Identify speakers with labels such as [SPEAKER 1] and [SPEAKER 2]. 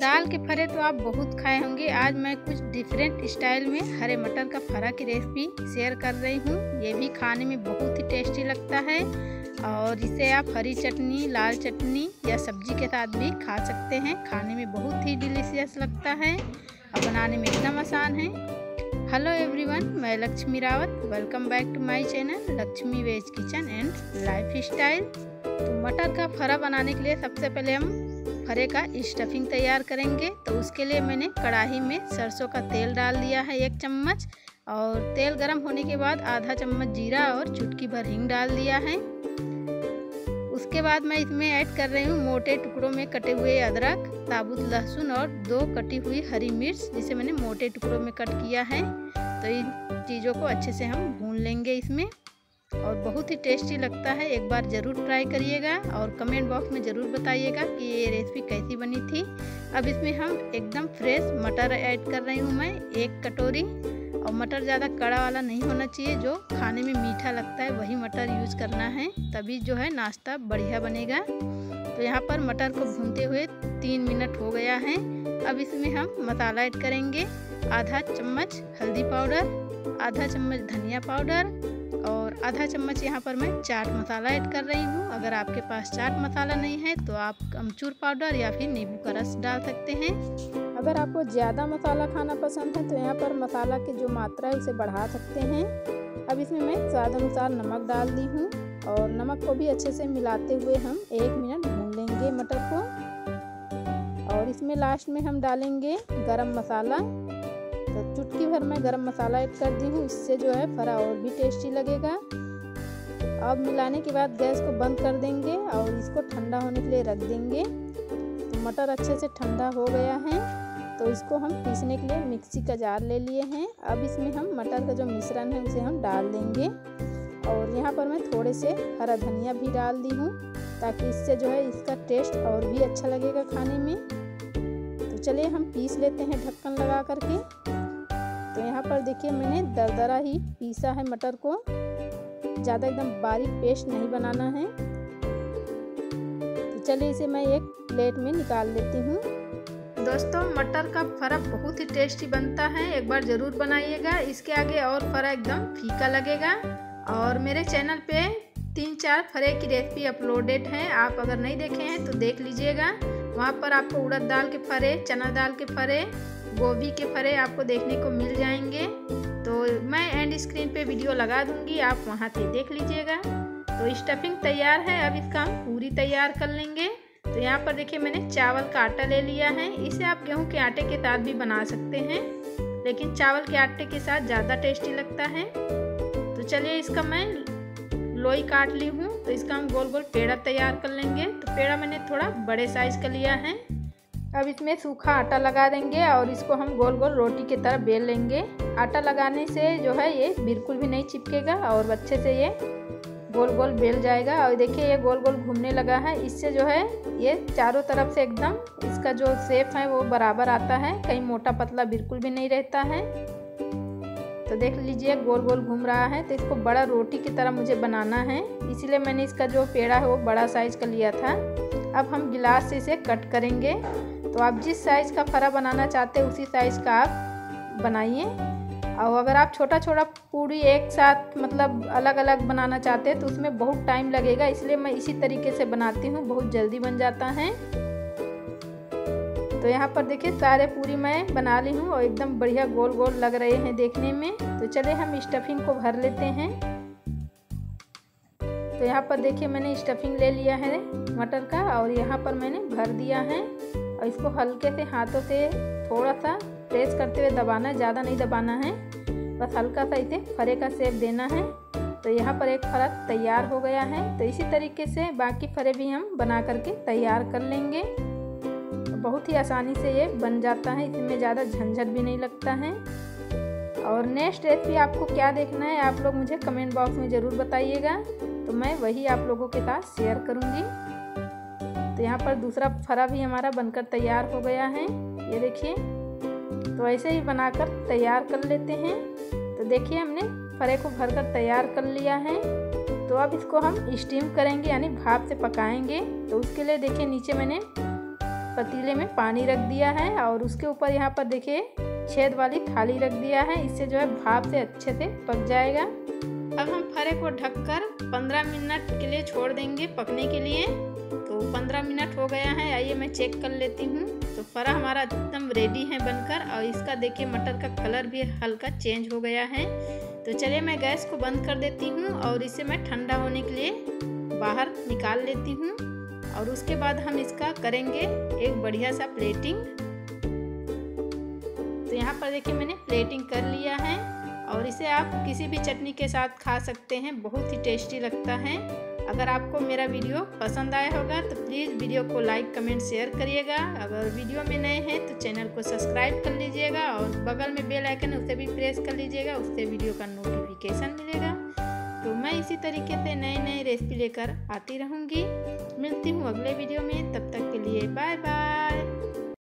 [SPEAKER 1] दाल के फरे तो आप बहुत खाए होंगे आज मैं कुछ डिफरेंट स्टाइल में हरे मटर का फरा की रेसिपी शेयर कर रही हूँ ये भी खाने में बहुत ही टेस्टी लगता है और इसे आप हरी चटनी लाल चटनी या सब्जी के साथ भी खा सकते हैं खाने में बहुत ही डिलीशियस लगता है और बनाने में एकदम आसान है हेलो एवरीवन मैं Lakshmi Rawat welcome back to my channel Lakshmi veg kitchen and lifestyle तो मटर का फरा बनाने के लिए सबसे पहले हम भरे का स्टफिंग तैयार करेंगे तो उसके लिए मैंने कढ़ाई में सरसों का तेल डाल दिया है एक चम्मच और तेल गरम होने के बाद आधा चम्मच जीरा और चुटकी भर हिंग डाल दिया है उसके बाद मैं इसमें ऐड कर रही हूँ मोटे टुकड़ों में कटे हुए अदरक साबुत लहसुन और दो कटी हुई हरी मिर्च जिसे मैंने मोटे टुकड़ों में कट किया है तो इन चीज़ों को अच्छे से हम भून लेंगे इसमें और बहुत ही टेस्टी लगता है एक बार ज़रूर ट्राई करिएगा और कमेंट बॉक्स में ज़रूर बताइएगा कि ये रेसिपी कैसी बनी थी अब इसमें हम एकदम फ्रेश मटर ऐड कर रही हूँ मैं एक कटोरी और मटर ज़्यादा कड़ा वाला नहीं होना चाहिए जो खाने में मीठा लगता है वही मटर यूज करना है तभी जो है नाश्ता बढ़िया बनेगा तो यहाँ पर मटर को भूनते हुए तीन मिनट हो गया है अब इसमें हम मसाला ऐड करेंगे आधा चम्मच हल्दी पाउडर आधा चम्मच धनिया पाउडर और आधा चम्मच यहाँ पर मैं चाट मसाला ऐड कर रही हूँ अगर आपके पास चाट मसाला नहीं है तो आप अमचूर पाउडर या फिर नींबू का रस डाल सकते हैं अगर आपको ज़्यादा मसाला खाना पसंद है तो यहाँ पर मसाला की जो मात्रा है उसे बढ़ा सकते हैं अब इसमें मैं स्वाद अनुसार नमक डाल दी हूँ और नमक को भी अच्छे से मिलाते हुए हम एक मिनट भून लेंगे मटर को और इसमें लास्ट में हम डालेंगे गरम मसाला और तो चुटकी भर मैं गरम मसाला ऐड कर दी हूँ इससे जो है फरा और भी टेस्टी लगेगा अब मिलाने के बाद गैस को बंद कर देंगे और इसको ठंडा होने के लिए रख देंगे तो मटर अच्छे से ठंडा हो गया है तो इसको हम पीसने के लिए मिक्सी का जार ले लिए हैं अब इसमें हम मटर का जो मिश्रण है उसे हम डाल देंगे और यहाँ पर मैं थोड़े से हरा धनिया भी डाल दी हूँ ताकि इससे जो है इसका टेस्ट और भी अच्छा लगेगा खाने में तो चलिए हम पीस लेते हैं ढक्कन लगा करके तो यहाँ पर देखिए मैंने दरदरा ही पीसा है मटर को ज़्यादा एकदम बारीक पेस्ट नहीं बनाना है तो चलिए इसे मैं एक प्लेट में निकाल लेती हूँ दोस्तों मटर का फरा बहुत ही टेस्टी बनता है एक बार ज़रूर बनाइएगा इसके आगे और फरा एकदम फीका लगेगा और मेरे चैनल पे तीन चार फरे की रेसिपी अपलोडेड हैं आप अगर नहीं देखे हैं तो देख लीजिएगा वहाँ पर आपको उड़द दाल के फरे चना दाल के फरे गोभी के फरे आपको देखने को मिल जाएंगे तो मैं एंड स्क्रीन पे वीडियो लगा दूंगी आप वहाँ से देख लीजिएगा तो स्टफिंग तैयार है अब इसका हम पूरी तैयार कर लेंगे तो यहाँ पर देखिए मैंने चावल का आटा ले लिया है इसे आप गेहूँ के आटे के साथ भी बना सकते हैं लेकिन चावल के आटे के साथ ज़्यादा टेस्टी लगता है तो चलिए इसका मैं लोई काट ली हूँ तो इसका हम गोल गोल पेड़ा तैयार कर लेंगे तो पेड़ा मैंने थोड़ा बड़े साइज़ का लिया है अब इसमें सूखा आटा लगा देंगे और इसको हम गोल गोल रोटी की तरह बेल लेंगे आटा लगाने से जो है ये बिल्कुल भी नहीं चिपकेगा और अच्छे से ये गोल गोल बेल जाएगा और देखिए ये गोल गोल घूमने लगा है इससे जो है ये चारों तरफ से एकदम इसका जो सेप है वो बराबर आता है कहीं मोटा पतला बिल्कुल भी नहीं रहता है तो देख लीजिए गोल गोल घूम रहा है तो इसको बड़ा रोटी की तरह मुझे बनाना है इसीलिए मैंने इसका जो पेड़ा है वो बड़ा साइज का लिया था अब हम गिलास से इसे कट करेंगे तो आप जिस साइज़ का फरा बनाना चाहते हैं उसी साइज़ का आप बनाइए और अगर आप छोटा छोटा पूरी एक साथ मतलब अलग अलग बनाना चाहते हैं तो उसमें बहुत टाइम लगेगा इसलिए मैं इसी तरीके से बनाती हूँ बहुत जल्दी बन जाता है तो यहाँ पर देखिए सारे पूरी मैं बना ली हूँ और एकदम बढ़िया गोल गोल लग रहे हैं देखने में तो चले हम स्टफिंग को भर लेते हैं तो यहाँ पर देखिए मैंने स्टफिंग ले लिया है मटर का और यहाँ पर मैंने भर दिया है और इसको हल्के से हाथों से थोड़ा सा प्रेस करते हुए दबाना है ज़्यादा नहीं दबाना है बस हल्का सा इसे फरे का सेप देना है तो यहाँ पर एक फरा तैयार हो गया है तो इसी तरीके से बाकी फरे भी हम बना करके तैयार कर लेंगे तो बहुत ही आसानी से ये बन जाता है इसमें ज़्यादा झंझट भी नहीं लगता है और नेक्स्ट रेसिपी आपको क्या देखना है आप लोग मुझे कमेंट बॉक्स में ज़रूर बताइएगा तो मैं वही आप लोगों के साथ शेयर करूँगी तो यहाँ पर दूसरा फरा भी हमारा बनकर तैयार हो गया है ये देखिए तो ऐसे ही बनाकर तैयार कर लेते हैं तो देखिए हमने फरे को भरकर तैयार कर लिया है तो अब इसको हम स्टीम करेंगे यानी भाप से पकाएंगे तो उसके लिए देखिए नीचे मैंने पतीले में पानी रख दिया है और उसके ऊपर यहाँ पर देखिए छेद वाली थाली रख दिया है इससे जो है भाप से अच्छे से पक जाएगा अब हम फरे को ढककर 15 मिनट के लिए छोड़ देंगे पकने के लिए तो पंद्रह मिनट हो गया है आइए मैं चेक कर लेती हूँ तो फरा हमारा एकदम रेडी है बनकर और इसका देखिए मटर का कलर भी हल्का चेंज हो गया है तो चलिए मैं गैस को बंद कर देती हूँ और इसे मैं ठंडा होने के लिए बाहर निकाल लेती हूँ और उसके बाद हम इसका करेंगे एक बढ़िया सा प्लेटिंग तो यहाँ पर देखिए मैंने प्लेटिंग कर लिया है और इसे आप किसी भी चटनी के साथ खा सकते हैं बहुत ही टेस्टी लगता है अगर आपको मेरा वीडियो पसंद आया होगा तो प्लीज़ वीडियो को लाइक कमेंट शेयर करिएगा अगर वीडियो में नए हैं तो चैनल को सब्सक्राइब कर लीजिएगा और बगल में बेल आइकन उसे भी प्रेस कर लीजिएगा उससे वीडियो का नोटिफिकेशन मिलेगा तो मैं इसी तरीके से नए नए रेसिपी लेकर आती रहूँगी मिलती हूँ अगले वीडियो में तब तक के लिए बाय बाय